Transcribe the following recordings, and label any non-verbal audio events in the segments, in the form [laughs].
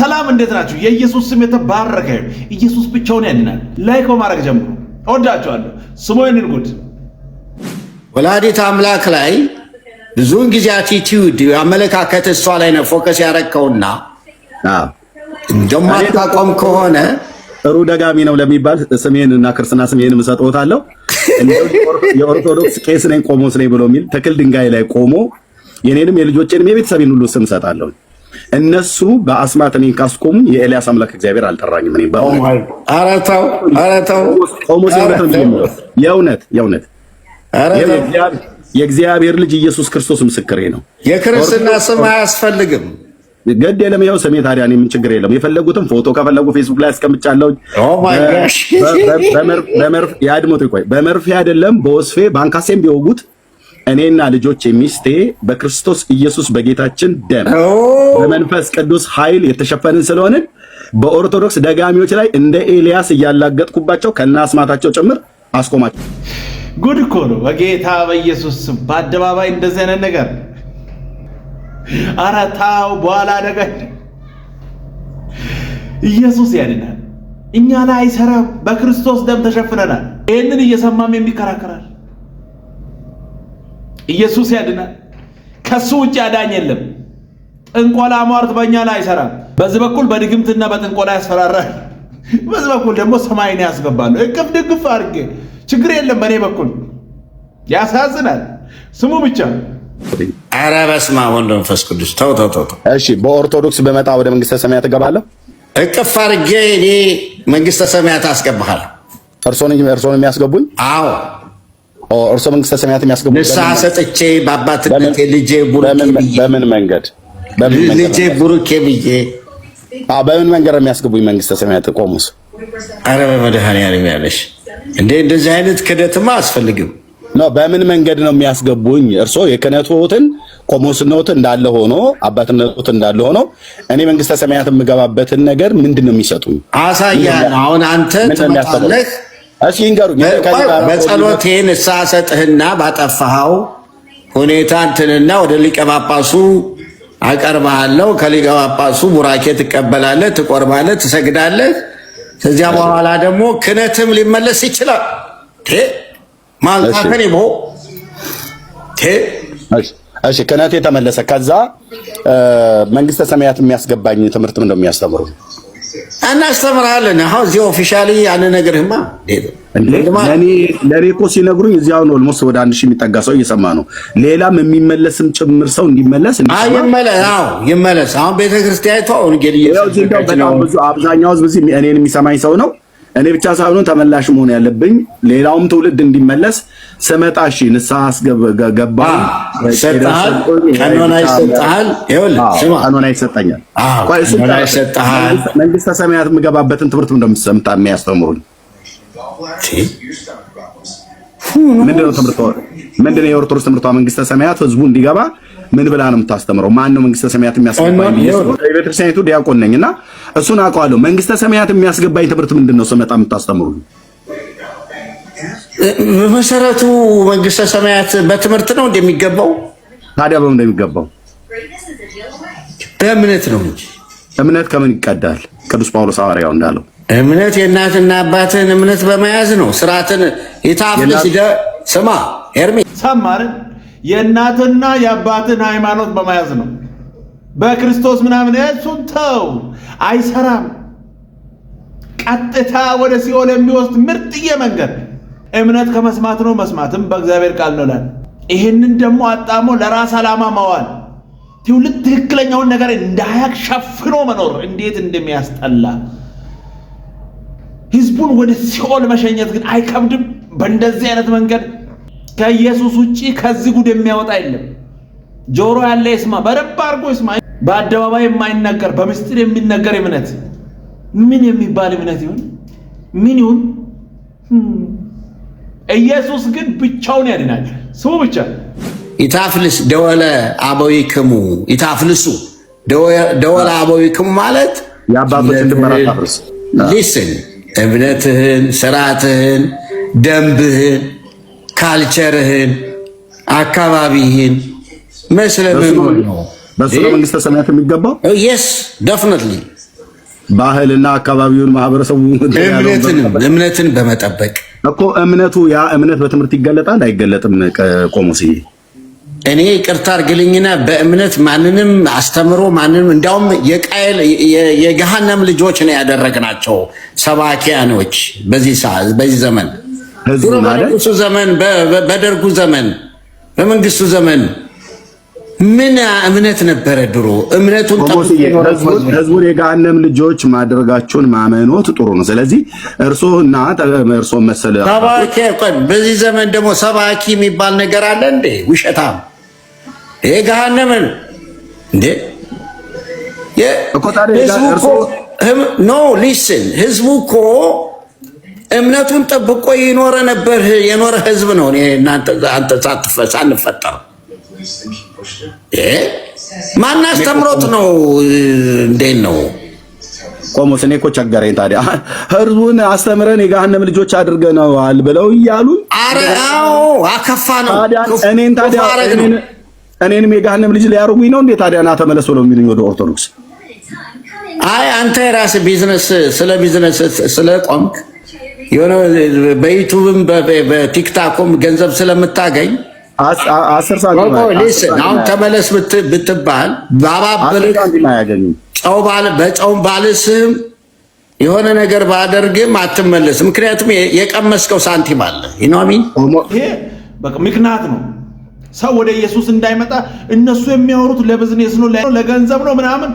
ሰላም እንዴት ናችሁ? የኢየሱስ ስም የተባረከ ኢየሱስ ብቻውን ያድናል። ላይክ በማድረግ ጀምሩ። እወዳችኋለሁ። ስሙ ይንን ወላዲት አምላክ ላይ ብዙውን ጊዜ አቲቲዩድ አመለካከት እሷ ላይ ነው ፎከስ ያረከውና እንደማታቆም ከሆነ ጥሩ ደጋሚ ነው ለሚባል ስሜን እና ክርስትና ስሜን እሰጥዎታለሁ። የኦርቶዶክስ ቄስ ነኝ ቆሞስ ነኝ ብሎ የሚል ተክል ድንጋይ ላይ ቆሞ የኔንም የልጆቼንም የቤተሰቤን ሁሉ ስም እሰጣለሁ። እነሱ በአስማት እኔን ካስቆሙ የኤልያስ አምላክ እግዚአብሔር አልጠራኝም። እኔ አራታው አራታው ቆሞስ የእውነት የእውነት የእግዚአብሔር ልጅ ኢየሱስ ክርስቶስ ምስክሬ ነው። የክርስትና ስም አያስፈልግም። ግድ የለም። ያው ስሜ ታዲያ እኔ ምን ችግር የለም። የፈለጉትም ፎቶ ከፈለጉ ፌስቡክ ላይ አስቀምጫለሁ። በመርፌ ያድሞት ቆይ፣ በመርፌ አይደለም በወስፌ ባንካሴም ቢወጉት እኔና ልጆች ሚስቴ በክርስቶስ ኢየሱስ በጌታችን ደም በመንፈስ ቅዱስ ኃይል የተሸፈንን ስለሆንን በኦርቶዶክስ ደጋሚዎች ላይ እንደ ኤልያስ እያላገጥኩባቸው ከነ አስማታቸው ጭምር አስቆማቸው። ጉድ እኮ ነው። በጌታ በኢየሱስ ስም በአደባባይ እንደዚህ አይነት ነገር አረታው በኋላ ነገር ኢየሱስ ያድናል። እኛ ላይ አይሰራም። በክርስቶስ ደም ተሸፍነናል። ይህንን እየሰማም የሚከራከራል ኢየሱስ ያድናል። ከሱ ውጭ አዳኝ የለም። ጥንቆላ ሟርት በእኛ ላይ አይሰራም። በዚህ በኩል በድግምትና በጥንቆላ ያስፈራራል፣ [laughs] በዚህ በኩል ደግሞ ሰማይን ያስገባል። እቅፍ ድግፍ አድርጌ ችግር የለም። በእኔ በኩል ያሳዝናል። ስሙ ብቻ ኧረ በስመ አብ ወወልድ ወመንፈስ ቅዱስ። ተው ተው ተው። እሺ በኦርቶዶክስ በመጣ ወደ መንግስተ ሰማያት እገባለሁ። እቅፍ አድርጌ እኔ መንግስተ ሰማያት አስገባሃል። እርሶን የሚያስገቡኝ? አዎ እርሶ መንግስተ ሰማያት የሚያስገቡ ንስሐ ሰጥቼ በአባትነት ልጄ ቡሩኬ በምን መንገድ ልጄ ቡሩኬ ብዬ በምን መንገድ የሚያስገቡኝ መንግስተ ሰማያት ቆሙስ? አረ በመድኃኒዓለም ያለሽ እንዴ! እንደዚህ አይነት ክደትማ አስፈልግም። በምን መንገድ ነው የሚያስገቡኝ? እርሶ የክህነትዎትን ቆሞስነት እንዳለ ሆኖ አባትነት እንዳለ ሆኖ እኔ መንግስተ ሰማያት የምገባበትን ነገር ምንድን ነው የሚሰጡኝ? አሳያ አሁን አንተ ትመጣለህ እሺ ይንገሩኝ። በጸሎቴን እሳ ሰጥህና ባጠፋኸው ሁኔታ እንትንና ወደ ሊቀ ጳጳሱ አቀርባለሁ። ከሊቀ ጳጳሱ ቡራኬ ትቀበላለህ፣ ትቆርባለህ፣ ትሰግዳለህ። ከዚያ በኋላ ደግሞ ክነትም ሊመለስ ይችላል። ማንሳትን ይቦ እሺ ክነት የተመለሰ ከዛ መንግስተ ሰማያት የሚያስገባኝ ትምህርት ምን እንደሚያስተምሩ እናስተምርሃለን። አሁን እዚህ ኦፊሻሊ አልነግርህማ። ለእኔ እኮ ሲነግሩኝ እዚያው ነው። ኦልሞስት ወደ አንድ ሺህ የሚጠጋ ሰው እየሰማ ነው። ሌላም የሚመለስም ጭምር ሰው እንዲመለስ ይመለስ። አሁን ቤተክርስቲያኒቷ ወንጌል አብዛኛው ህዝብ እዚህ እኔን የሚሰማኝ ሰው ነው እኔ ብቻ ሳይሆን ተመላሽ መሆን ያለብኝ ሌላውም ትውልድ እንዲመለስ ስመጣ እሺ ንስሐ ገባ ቀኖና ይሰጠሃል። ቀኖና ይሰጠኛል። መንግስተ ሰማያት የምገባበትን ትምህርት እንደምሰምታ የሚያስተምሩኝ ምንድነው? የኦርቶዶክስ ትምህርቷ መንግስተ ሰማያት ህዝቡ እንዲገባ ምን ብላ ነው የምታስተምረው? ማን ነው መንግስተ ሰማያት የሚያስገባኝ? ቤተክርስቲያኒቱ ዲያቆን ነኝ እና እሱን አውቀዋለሁ። መንግስተ ሰማያት የሚያስገባኝ ትምህርት ምንድን ነው? ስመጣ የምታስተምሩ በመሰረቱ መንግስተ ሰማያት በትምህርት ነው እንደሚገባው። ታዲያ በምን እንደሚገባው? በእምነት ነው እንጂ እምነት ከምን ይቀዳል? ቅዱስ ጳውሎስ ሐዋርያው እንዳለው እምነት የእናትና አባትን እምነት በመያዝ ነው። ስርዓትን የታፍለ ስማ ኤርሜ የእናትና የአባትን ሃይማኖት በመያዝ ነው። በክርስቶስ ምናምን እሱን ተው፣ አይሰራም። ቀጥታ ወደ ሲኦል የሚወስድ ምርጥዬ መንገድ እምነት ከመስማት ነው፣ መስማትም በእግዚአብሔር ቃል ነው ላል ይህንን ደግሞ አጣሞ ለራስ ዓላማ ማዋል ትውልድ ትክክለኛውን ነገር እንዳያቅ ሸፍኖ መኖር እንዴት እንደሚያስጠላ ህዝቡን ወደ ሲኦል መሸኘት ግን አይከብድም? በእንደዚህ አይነት መንገድ ከኢየሱስ ውጪ ከዚህ ጉድ የሚያወጣ የለም። ጆሮ ያለ ይስማ፣ በደንብ አድርጎ ይስማ። በአደባባይ የማይነገር በምስጢር የሚነገር እምነት ምን የሚባል እምነት ይሁን ምን ይሁን፣ ኢየሱስ ግን ብቻውን ያድናል። ስሙ ብቻ ኢታፍልስ ደወለ ክሙ ኢታፍልሱ ደወለ ክሙ ማለት ሊስን እምነትህን ስርዓትህን ደንብህን ካልቸርህን፣ አካባቢህን መስለ በሱ መንግስተ ሰማያት የሚገባው የስ ደፍነትሊ ባህልና አካባቢውን ማህበረሰቡ እምነትን በመጠበቅ እኮ እምነቱ ያ እምነት በትምህርት ይገለጣል አይገለጥም? ቆሞስ እኔ ቅርታ አድርግልኝና በእምነት ማንንም አስተምሮ ማንንም እንዲያውም የቃየል የገሃነም ልጆች ነው ያደረግናቸው ሰባኪያኖች በዚህ ዘመን ህዝብ በንጉሱ ዘመን፣ በደርጉ ዘመን፣ በመንግስቱ ዘመን ምን እምነት ነበረ? ድሮ እምነቱን ህዝቡን ልጆች ማድረጋቸውን ማመኖት ጥሩ ነው። ስለዚህ እርሶ እና እርሶ መሰለ ሰባኪ፣ በዚህ ዘመን ደግሞ ሰባኪ የሚባል ነገር አለ እንዴ? ውሸታም ይሄ ገሃነምን እንዴ ኖ ሊስን ህዝቡ እኮ እምነቱን ጠብቆ ይኖረ ነበር የኖረ ህዝብ ነው። እናንተ ሳትፈሳ አንፈጠር ማን አስተምሮት ነው? እንዴት ነው ቆሞስ? እኔ እኮ ቸገረኝ። ታዲያ ህዝቡን አስተምረን የገሃነም ልጆች አድርገነዋል ብለው እያሉ አረው አከፋ ነው። እኔን ታዲያ እኔንም የገሃነም ልጅ ሊያርጉኝ ነው እንዴ? ታዲያ ና ተመለሶ ነው የሚሉኝ ወደ ኦርቶዶክስ። አይ አንተ የራስህ ቢዝነስ ስለ ቢዝነስ ስለ ቆምክ የሆነ በዩቱብም በቲክታኩም ገንዘብ ስለምታገኝ አሁን ተመለስ ብትባል በጨውም ባልስህም የሆነ ነገር ባደርግም አትመለስ። ምክንያቱም የቀመስከው ሳንቲም አለ ይኖሚን ምክንያት ነው። ሰው ወደ ኢየሱስ እንዳይመጣ እነሱ የሚያወሩት ለብዝኔስ ነው፣ ለገንዘብ ነው ምናምን።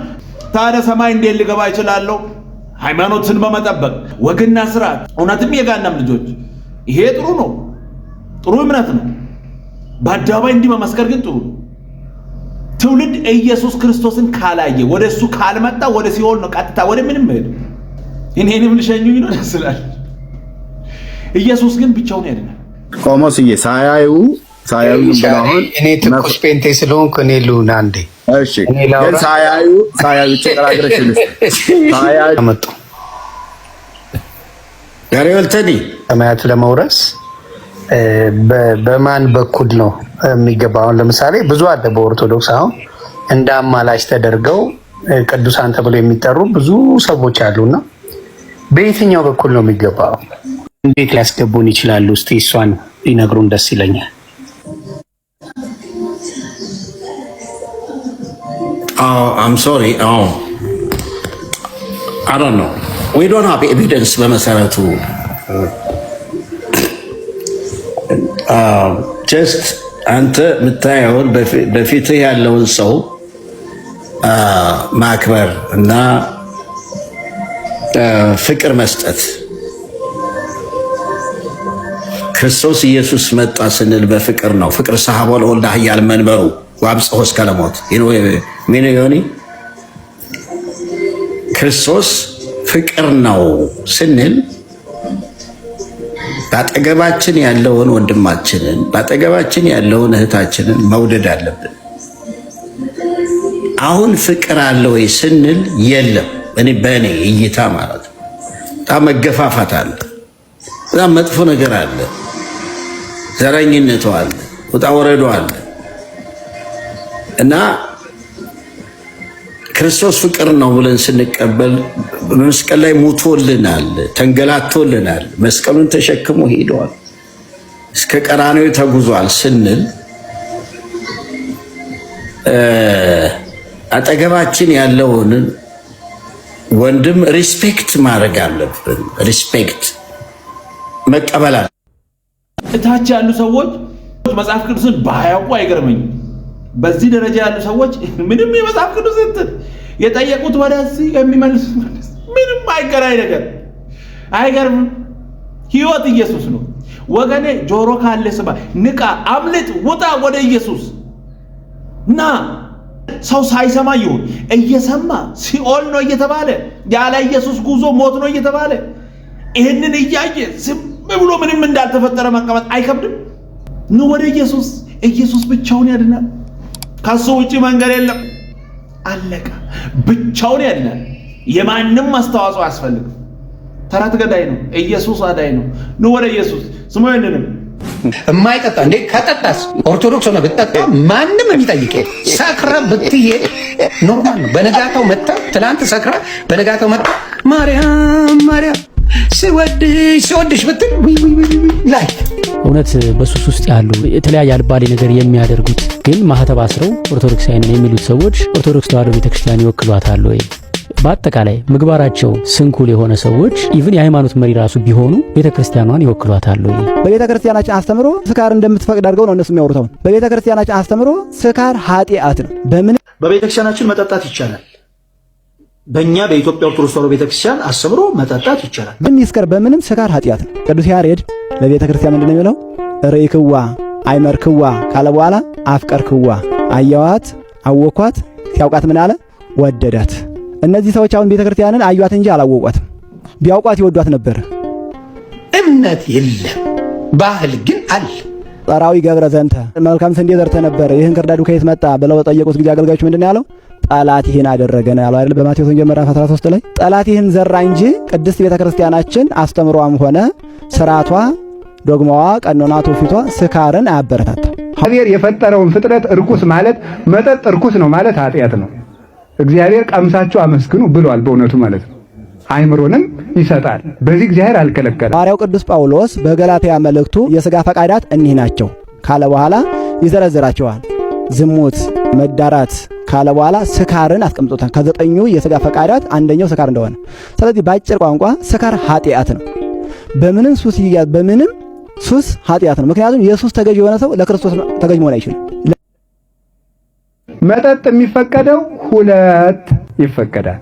ታዲያ ሰማይ እንዴት ልገባ ይችላለሁ? ሃይማኖትን በመጠበቅ ወግና ስርዓት እውነትም የጋናም ልጆች ይሄ ጥሩ ነው፣ ጥሩ እምነት ነው። በአደባባይ እንዲህ መመስከር ግን ጥሩ ነው። ትውልድ ኢየሱስ ክርስቶስን ካላየ ወደ እሱ ካልመጣ ወደ ሲኦል ነው ቀጥታ ወደ ምንም ሄድ እኔንም ልሸኙኝ ነው ያስላል። ኢየሱስ ግን ብቻውን ያድናል። ቆሞስዬ ሳያዩ ሳያዩ ብለሁን እኔ ትኩስ ጴንቴ ስለሆንኩ እኔ ልሁን አንዴ እሺ ግን ሳያዩ ሳያዩ ልስ [laughs] ሳያዩ ተመጡ ሰማያት ለመውረስ በማን በኩል ነው የሚገባው? አሁን ለምሳሌ ብዙ አለ በኦርቶዶክስ አሁን እንደ አማላጭ ተደርገው ቅዱሳን ተብሎ የሚጠሩ ብዙ ሰዎች አሉና በየትኛው በኩል ነው የሚገባው? እንዴት ሊያስገቡን ይችላሉ? እስቲ እሷን ሊነግሩን ደስ ይለኛል። አም ሶሪ አዶን ነው ዊ ዶን ሃቭ ኤቪደንስ በመሰረቱ ጀስት uh, um, አንተ የምታየውን በፊትህ ያለውን ሰው uh, ማክበር እና uh, ፍቅር መስጠት። ክርስቶስ ኢየሱስ መጣ ስንል በፍቅር ነው። ፍቅር ሰሐቦ ለወልደ ኃያል መንበሩ ወአብጽሖ እስከ ለሞት ምን ይሆን ክርስቶስ ፍቅር ነው ስንል በአጠገባችን ያለውን ወንድማችንን በአጠገባችን ያለውን እህታችንን መውደድ አለብን። አሁን ፍቅር አለ ወይ ስንል የለም። እኔ በእኔ እይታ ማለት ነው። በጣም መገፋፋት አለ፣ በጣም መጥፎ ነገር አለ፣ ዘረኝነቱ አለ፣ ውጣ ወረዶ አለ እና ክርስቶስ ፍቅር ነው ብለን ስንቀበል በመስቀል ላይ ሙቶልናል፣ ተንገላቶልናል፣ መስቀሉን ተሸክሞ ሄደዋል፣ እስከ ቀራኔው ተጉዟል ስንል አጠገባችን ያለውን ወንድም ሪስፔክት ማድረግ አለብን። ሪስፔክት መቀበላል። እታች ያሉ ሰዎች መጽሐፍ ቅዱስን ባያውቁ አይገርመኝም። በዚህ ደረጃ ያሉ ሰዎች ምንም የመጽሐፍ ቅዱስ እንትን የጠየቁት ወደዚህ የሚመልሱት ምንም አይገናኝ ነገር አይገርም። ህይወት ኢየሱስ ነው ወገኔ። ጆሮ ካለ ስማ፣ ንቃ፣ አምልጥ፣ ውጣ ወደ ኢየሱስ ና። ሰው ሳይሰማ ይሁን እየሰማ ሲኦል ነው እየተባለ ያለ ኢየሱስ ጉዞ ሞት ነው እየተባለ ይህንን እያየ ዝም ብሎ ምንም እንዳልተፈጠረ መቀመጥ አይከብድም? ኑ ወደ ኢየሱስ። ኢየሱስ ብቻውን ያድናል። ከሱ ውጪ መንገድ የለም። አለቀ። ብቻውን ያለ የማንም አስተዋጽኦ አያስፈልግም። ተረት ገዳይ ነው። ኢየሱስ አዳይ ነው። ኑ ወደ ኢየሱስ ስሙ። ይንንም የማይጠጣ እንዴ? ከጠጣስ ኦርቶዶክስ ሆነ ብትጠጣ ማንም የሚጠይቅ ሰክረ ብትሄድ ኖርማል ነው። በነጋታው መጣ፣ ትላንት ሰክራ በነጋታው መጣ፣ ማርያም ማርያም ሲወድሽ ሲወድሽ ብትል ላይ እውነት በሱስ ውስጥ ያሉ የተለያየ አልባሌ ነገር የሚያደርጉት ግን ማህተብ አስረው ኦርቶዶክሳዊን የሚሉት ሰዎች ኦርቶዶክስ ተዋህዶ ቤተክርስቲያን ይወክሏታል ወይ? በአጠቃላይ ምግባራቸው ስንኩል የሆነ ሰዎች ኢቭን የሃይማኖት መሪ ራሱ ቢሆኑ ቤተ ክርስቲያኗን ይወክሏታሉ። በቤተ ክርስቲያናችን አስተምሮ ስካር እንደምትፈቅድ አድርገው ነው እነሱ የሚያወሩታው። በቤተ ክርስቲያናችን አስተምሮ ስካር ኃጢአት ነው። በምን በቤተ ክርስቲያናችን መጠጣት ይቻላል? በእኛ በኢትዮጵያ ኦርቶዶክስ ተዋሕዶ ቤተክርስቲያን አስተምሮ መጠጣት ይቻላል። ምን ይስከር? በምንም ስካር ኃጢአት ነው። ቅዱስ ያሬድ ለቤተ ክርስቲያን ምንድን ነው የሚለው? ርእይክዋ አይመርክዋ ካለ በኋላ አፍቀርክዋ አያዋት አወኳት ሲያውቃት ምን አለ? ወደዳት። እነዚህ ሰዎች አሁን ቤተ ክርስቲያንን አዩዋት እንጂ አላወቋትም። ቢያውቋት ይወዷት ነበር። እምነት የለም፣ ባህል ግን አለ። ጸራዊ ገብረ ዘንተ መልካም ስንዴ ዘርተ ነበር፣ ይህን ክርዳዱ ከየት መጣ ብለው ጠየቁት ጊዜ አገልጋዮች ምንድን ያለው? ጠላት ይህን አደረገ ነው ያለው አይደል? በማቴዎስ ወንጌል ምዕራፍ 13 ላይ ጠላት ይህን ዘራ እንጂ ቅድስት ቤተ ክርስቲያናችን አስተምሯም ሆነ ስርዓቷ ዶግማዋ፣ ቀኖና፣ ትውፊቷ ስካርን አያበረታታም። እግዚአብሔር የፈጠረውን ፍጥረት እርኩስ ማለት መጠጥ እርኩስ ነው ማለት ኃጢአት ነው። እግዚአብሔር ቀምሳችሁ አመስግኑ ብሏል። በእውነቱ ማለት ነው። አይምሮንም ይሰጣል። በዚህ እግዚአብሔር አልከለከለም። ሐዋርያው ቅዱስ ጳውሎስ በገላትያ መልእክቱ የሥጋ ፈቃዳት እኒህ ናቸው ካለ በኋላ ይዘረዝራቸዋል። ዝሙት፣ መዳራት ካለ በኋላ ስካርን አስቀምጦታል። ከዘጠኙ የሥጋ ፈቃዳት አንደኛው ስካር እንደሆነ። ስለዚህ በአጭር ቋንቋ ስካር ኃጢአት ነው። በምንም ሱስ ይያዝ፣ በምንም ሱስ ኃጢአት ነው። ምክንያቱም የሱስ ተገዥ የሆነ ሰው ለክርስቶስ ተገዥ መሆን አይችልም። መጠጥ የሚፈቀደው ሁለት ይፈቀዳል፣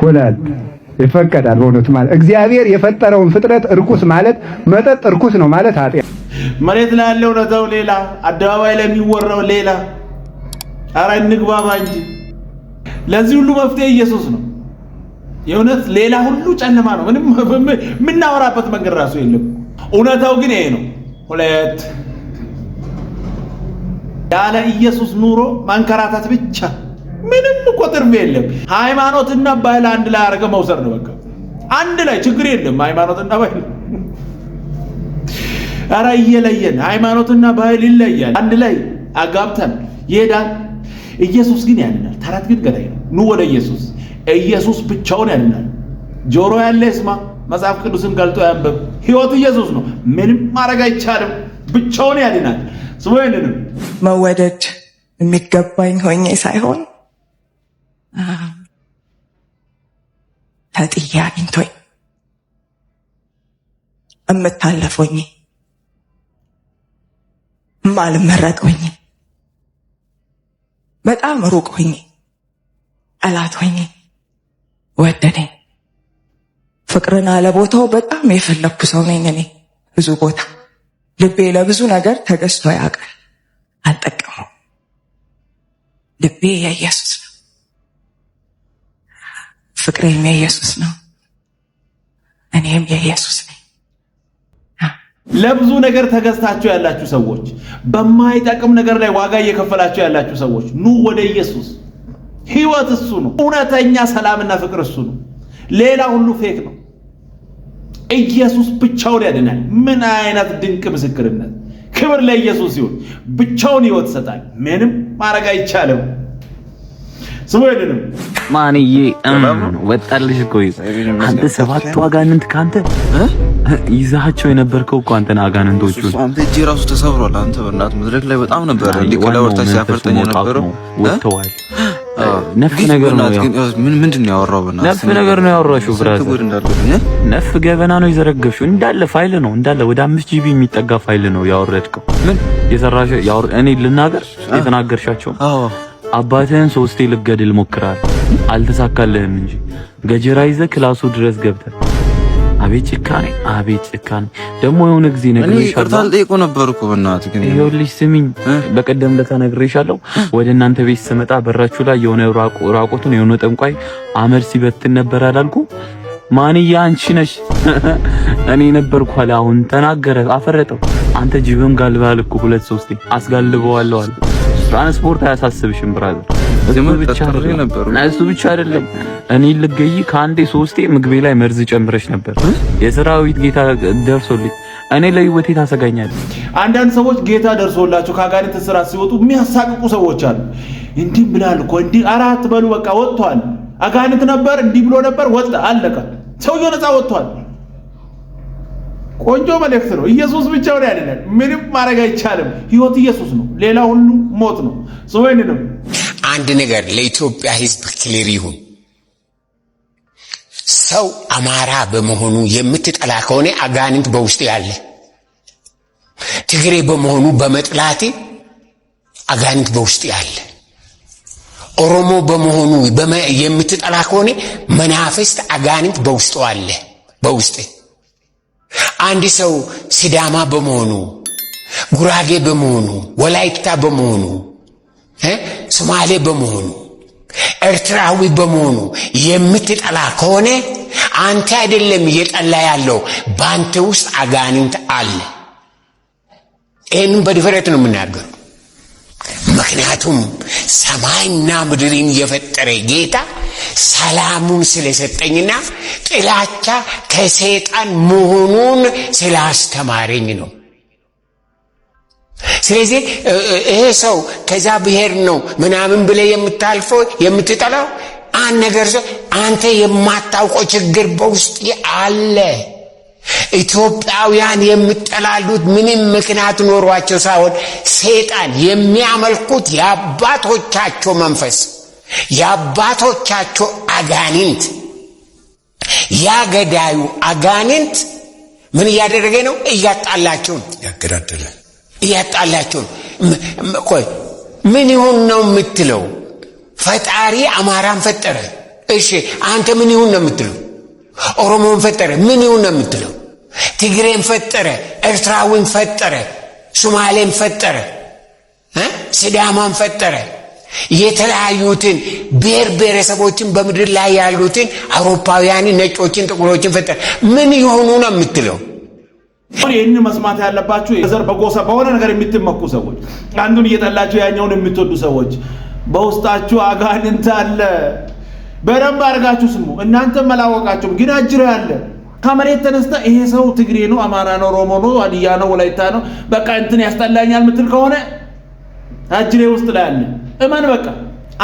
ሁለት ይፈቀዳል። በእውነቱ ማለት እግዚአብሔር የፈጠረውን ፍጥረት እርኩስ ማለት መጠጥ እርኩስ ነው ማለት ኃጢአት። መሬት ላይ ያለው እውነታው ሌላ፣ አደባባይ ላይ የሚወራው ሌላ። ኧረ እንግባባ እንጂ ለዚህ ሁሉ መፍትሄ ኢየሱስ ነው። የእውነት ሌላ ሁሉ ጨለማ ነው። ምንም የምናወራበት መንገድ ራሱ የለም። እውነታው ግን ይሄ ነው። ሁለት ያለ ኢየሱስ ኑሮ ማንከራታት ብቻ ምንም እኮ ትርፍ የለም። ሃይማኖትና ባህል አንድ ላይ አድርገህ መውሰድ ነው። በቃ አንድ ላይ ችግር የለም። ሃይማኖትና ባህል ኧረ እየለየን ሃይማኖትና ባህል ይለያል። አንድ ላይ አጋብተን ይሄዳል። ኢየሱስ ግን ያድናል። ተረት ግን ገዳይ ነው። ኑ ወደ ኢየሱስ። ኢየሱስ ብቻውን ያድናል። ጆሮ ያለ ይስማ፣ መጽሐፍ ቅዱስን ገልጦ ያንብብ። ህይወት ኢየሱስ ነው። ምንም ማድረግ አይቻልም። ብቻውን ያድናል። ስሞይንንም መወደድ የሚገባኝ ሆኜ ሳይሆን ተጥዬ አግኝቶኝ እምታለፎኝ እማልመረጥ ሆኜ በጣም ሩቅ ሆኜ ጠላት ሆኜ ወደደኝ። ፍቅርን አለቦታው በጣም የፈለግኩ ሰው ነኝ እኔ። ብዙ ቦታ ልቤ ለብዙ ነገር ተገዝቶ ያውቃል። አልጠቀመው ልቤ የኢየሱስ ነው። ፍቅሬም የኢየሱስ ነው። እኔም የኢየሱስ ነኝ። ለብዙ ነገር ተገዝታችሁ ያላችሁ ሰዎች፣ በማይጠቅም ነገር ላይ ዋጋ እየከፈላችሁ ያላችሁ ሰዎች ኑ ወደ ኢየሱስ። ህይወት እሱ ነው። እውነተኛ ሰላምና ፍቅር እሱ ነው። ሌላ ሁሉ ፌክ ነው። ኢየሱስ ብቻውን ያድናል። ምን አይነት ድንቅ ምስክርነት! ክብር ለኢየሱስ ይሁን። ብቻውን ሕይወት ይሰጣል። ምንም ማድረግ አይቻልም። ስወድንም ማንዬ ወጣልሽ እኮ አንተ ሰባቱ አጋንንት ከአንተ ይዛቸው የነበርከው እኮ አንተን አጋንንቶቹ አንተ እጅ ራሱ ተሰብሯል። አንተ በእናትህ መድረክ ላይ በጣም ነበር እንዲህ ወርታ ሲያፈርጠኝ ነበረው ወጥተዋል ነፍ ነገር ነው ያወራው። ነፍ ነገር ነው ያወራሽው። ብራዘር ነፍ ገበና ነው የዘረገፍሽው። እንዳለ ፋይል ነው እንዳለ ወደ አምስት ጂቢ የሚጠጋ ፋይል ነው ያወረድከው። ምን ያወር እኔ ልናገር የተናገርሻቸው አባትህን ሶስቴ ልገድል ሞክራል፣ አልተሳካልህም እንጂ ገጀራ ይዘህ ክላሱ ድረስ ገብተህ አቤት ጭካኔ፣ አቤት ጭካኔ። ደግሞ የሆነ ጊዜ ነግሬሻለሁ። ጠይቆ ነበር እኮ በእናትህ ግን ይኸውልሽ፣ ስሚኝ፣ በቀደም ለታ ነግሬሻለሁ። ወደ እናንተ ቤት ስመጣ በራችሁ ላይ የሆነ ራቁቱን የሆነ ጠንቋይ አመድ ሲበትን ነበር አላልኩ? ማንዬ አንቺ ነሽ። [laughs] እኔ ነበርኩ አለ። አሁን ተናገረ፣ አፈረጠው። አንተ ጅብም ጋልባልኩ፣ ሁለት ሶስቴ አስጋልበዋለሁ አለ። ትራንስፖርት አያሳስብሽም ብራዘር እሱ ብቻ አይደለም፣ እኔ ልገይ ከአንዴ ሶስቴ ምግቤ ላይ መርዝ ጨምረች ነበር። የሰራዊት ጌታ ደርሶልኝ እኔ ለህይወቴ ታሰጋኛለህ። አንዳንድ ሰዎች ጌታ ደርሶላቸው ከአጋንንት ስራ ሲወጡ የሚያሳቅቁ ሰዎች አሉ። እንዲህ ብላል እኮ እንዲህ አራት በሉ በቃ ወጥቷል። አጋንንት ነበር እንዲህ ብሎ ነበር ወጣ፣ አለቀ። ሰውየው ነፃ ወጥቷል። ቆንጆ መልእክት ነው። ኢየሱስ ብቻውን ያድናል። ምንም ማድረግ አይቻልም። ህይወት ኢየሱስ ነው። ሌላ ሁሉ ሞት ነው። ሰው አንድ ነገር ለኢትዮጵያ ሕዝብ ክሊር ይሁን። ሰው አማራ በመሆኑ የምትጠላ ከሆነ አጋንንት በውስጥ ያለ፣ ትግሬ በመሆኑ በመጥላት አጋንንት በውስጥ ያለ፣ ኦሮሞ በመሆኑ የምትጠላ ከሆነ መናፍስት አጋንንት በውስጡ አለ። በውስጥ አንድ ሰው ሲዳማ በመሆኑ ጉራጌ በመሆኑ ወላይታ በመሆኑ ሶማሌ በመሆኑ ኤርትራዊ በመሆኑ የምትጠላ ከሆነ አንተ አይደለም እየጠላ ያለው፣ በአንተ ውስጥ አጋንንት አለ። ይህንም በድፍረት ነው የምናገሩ። ምክንያቱም ሰማይና ምድርን የፈጠረ ጌታ ሰላሙን ስለሰጠኝና ጥላቻ ከሰይጣን መሆኑን ስላስተማረኝ ነው። ስለዚህ ይሄ ሰው ከዛ ብሔር ነው ምናምን ብለ የምታልፈው የምትጠላው አንድ ነገር ሰው አንተ የማታውቀው ችግር በውስጥ አለ። ኢትዮጵያውያን የምጠላሉት ምንም ምክንያት ኖሯቸው ሳይሆን ሰይጣን የሚያመልኩት የአባቶቻቸው መንፈስ፣ የአባቶቻቸው አጋንንት፣ ያገዳዩ አጋንንት ምን እያደረገ ነው? እያጣላቸው ነው። እያጣላቸው ነው። ቆይ ምን ይሁን ነው የምትለው? ፈጣሪ አማራን ፈጠረ። እሺ አንተ ምን ይሁን ነው የምትለው? ኦሮሞን ፈጠረ። ምን ይሁን ነው የምትለው? ትግሬን ፈጠረ፣ ኤርትራዊን ፈጠረ፣ ሱማሌን ፈጠረ፣ ሲዳማን ፈጠረ። የተለያዩትን ብሔር ብሔረሰቦችን በምድር ላይ ያሉትን አውሮፓውያንን፣ ነጮችን፣ ጥቁሮችን ፈጠረ። ምን ይሆኑ ነው የምትለው? ይህን መስማት ያለባችሁ ዘር በጎሳ በሆነ ነገር የምትመኩ ሰዎች፣ አንዱን እየጠላችሁ ያኛውን የምትወዱ ሰዎች በውስጣችሁ አጋንንት አለ። በደንብ አድርጋችሁ ስሙ። እናንተም አላወቃችሁም፣ ግን አጅሮ ያለ ከመሬት ተነስታ ይሄ ሰው ትግሬ ነው፣ አማራ ነው፣ ኦሮሞ ነው፣ ሀዲያ ነው፣ ወላይታ ነው፣ በቃ እንትን ያስጠላኛል ምትል ከሆነ አጅሬ ውስጥ ላይ አለ። እመን በቃ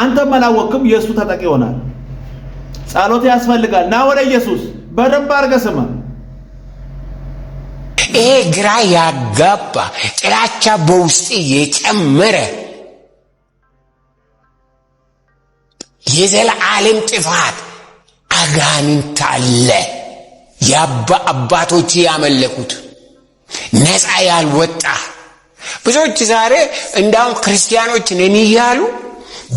አንተም አላወቅም፣ የእሱ ተጠቂ ይሆናል። ጸሎት ያስፈልጋል። ና ወደ ኢየሱስ በደንብ አድርገህ ስማ። ይሄ ግራ ያጋባ ጥላቻ በውስጥ የጨመረ የዘላለም ጥፋት አጋንንት አለ። የአባ አባቶች ያመለኩት ነፃ ያልወጣ ብዙዎች ዛሬ እንዳውም ክርስቲያኖች ነን እያሉ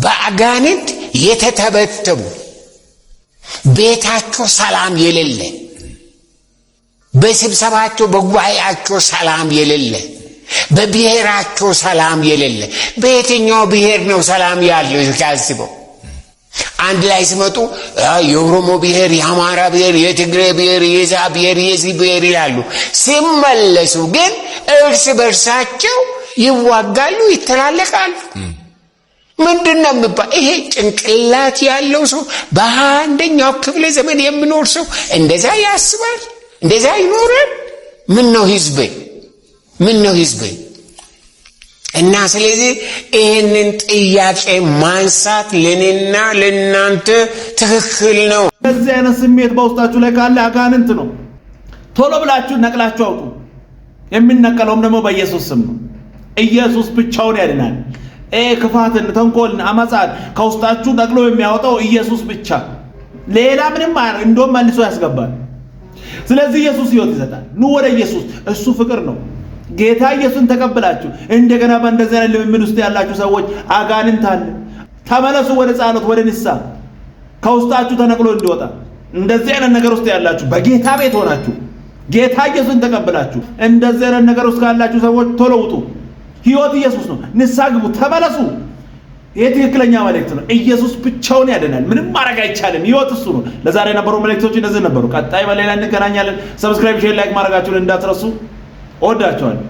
በአጋንንት የተተበተቡ ቤታቸው ሰላም የሌለ በስብሰባቸው በጉባኤያቸው ሰላም የሌለ በብሔራቸው ሰላም የሌለ በየትኛው ብሔር ነው ሰላም ያለው? ያስበው። አንድ ላይ ሲመጡ የኦሮሞ ብሔር፣ የአማራ ብሔር፣ የትግሬ ብሔር፣ የዛ ብሔር፣ የዚህ ብሔር ይላሉ። ሲመለሱ ግን እርስ በእርሳቸው ይዋጋሉ፣ ይተላለቃሉ። ምንድን ነው የሚባል? ይሄ ጭንቅላት ያለው ሰው በአንደኛው ክፍለ ዘመን የሚኖር ሰው እንደዛ ያስባል። እንደዚህ ይኖረን ምን ነው ህዝቤ ምን ነው ህዝቤ እና ስለዚህ ይህንን ጥያቄ ማንሳት ለእኔና ለእናንተ ትክክል ነው። በዚህ አይነት ስሜት በውስጣችሁ ላይ ካለ አጋንንት ነው። ቶሎ ብላችሁ ነቅላችሁ አውጡ። የሚነቀለውም ደግሞ በኢየሱስ ስም ነው። ኢየሱስ ብቻውን ያድናል። ክፋትን፣ ተንኮልን፣ አመፃን ከውስጣችሁ ነቅሎ የሚያወጣው ኢየሱስ ብቻ፣ ሌላ ምንም እንደውም መልሶ ያስገባል። ስለዚህ ኢየሱስ ህይወት ይሰጣል። ኑ ወደ ኢየሱስ፣ እሱ ፍቅር ነው። ጌታ ኢየሱስን ተቀብላችሁ እንደገና በእንደዚህ አይነት ልምምድ ውስጥ ያላችሁ ሰዎች አጋንንት አለ፣ ተመለሱ ወደ ጸሎት፣ ወደ ንስሐ ከውስጣችሁ ተነቅሎ እንዲወጣ። እንደዚህ አይነት ነገር ውስጥ ያላችሁ በጌታ ቤት ሆናችሁ ጌታ ኢየሱስን ተቀብላችሁ እንደዚህ አይነት ነገር ውስጥ ካላችሁ ሰዎች ቶሎ ውጡ። ሕይወት ኢየሱስ ነው። ንስሐ ግቡ፣ ተመለሱ። ይሄ ትክክለኛ መልእክት ነው። ኢየሱስ ብቻውን ያድናል። ምንም ማድረግ አይቻልም። ህይወት እሱ ነው። ለዛሬ የነበሩ መልእክቶች እነዚህ ነበሩ። ቀጣይ በሌላ እንገናኛለን። ሰብስክራይብ፣ ሼር፣ ላይክ ማድረጋችሁን እንዳትረሱ። እወዳችኋለሁ።